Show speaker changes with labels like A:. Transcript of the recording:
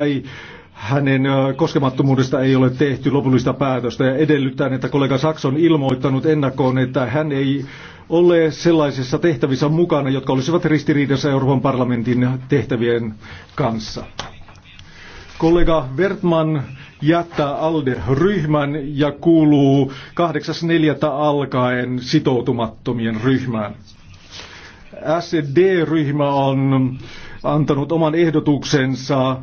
A: ei hänen äh, koskemattomuudesta ei ole tehty lopullista päätöstä ja edellyttää, että kollega Saksa on ilmoittanut ennakkoon, että hän ei ole sellaisissa tehtävissä mukana, jotka olisivat ristiriidassa Euroopan parlamentin tehtävien kanssa. Kollega Wertman jättää ALDE-ryhmän ja kuuluu 8.4. alkaen sitoutumattomien ryhmään. SD-ryhmä on antanut oman ehdotuksensa